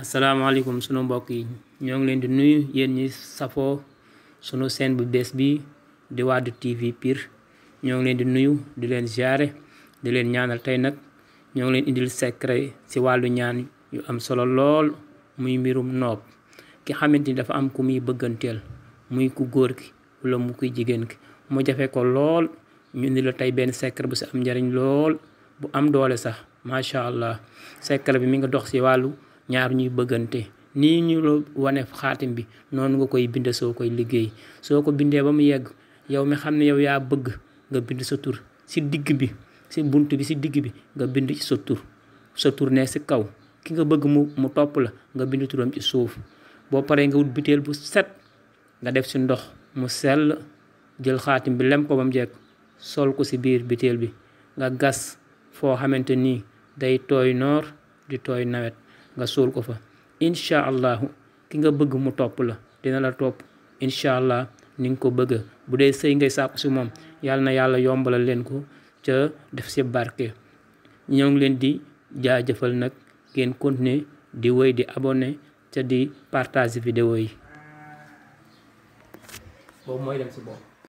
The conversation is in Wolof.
asalaamaaleykum sunu mbokk yi ñoo ngi leen di nuyu yéen ñi safoo sunu seen bu bees bi di Wade TV piir ñoo ngi leen di nuyu di leen ziare di leen ñaanal tey nag ñoo ngi leen indil secret si wàllu ñaan yu am solo lool muy mbirum noob ki xamante ni dafa am ku muy bëgganteel muy ku góor ki wala mu kuy jigéen ki mu jafe ko lool ñu indi la tey benn secret bu ci am njariñ lool bu am doole sax macha allah secret bi mi ngi dox ci wàllu. ñaar ñuy bëggante nii ñu la wane xaatim bi noonu nga koy binde soo koy liggéey soo ko bindee ba mu yegg yow mi xam ne yow yaa bëgg nga bind sa tur si digg bi si bunt bi si digg bi nga bind ci sa tur sa tur ne ci kaw ki nga bëgg mu mu topp la nga bind turam ci suuf boo paree nga wut butéel bu set nga def si ndox mu sell jël xaatim bi lem ko ba mu jekk sol ko si biir butéel bi nga gas foo xamante nii day tooy noor di tooy nawet nga suul ko fa incha allahu ki nga bëgg mu topp la dina la topp incha allah ni nga ko bëgg bu dee sëy ngay sàkku si moom yàlla na yàlla yombalal leen ko ca def si barke ñoo ngi leen di jaajëfal nag ngeen continuer di wéy di abonné ca di partage vidéo yi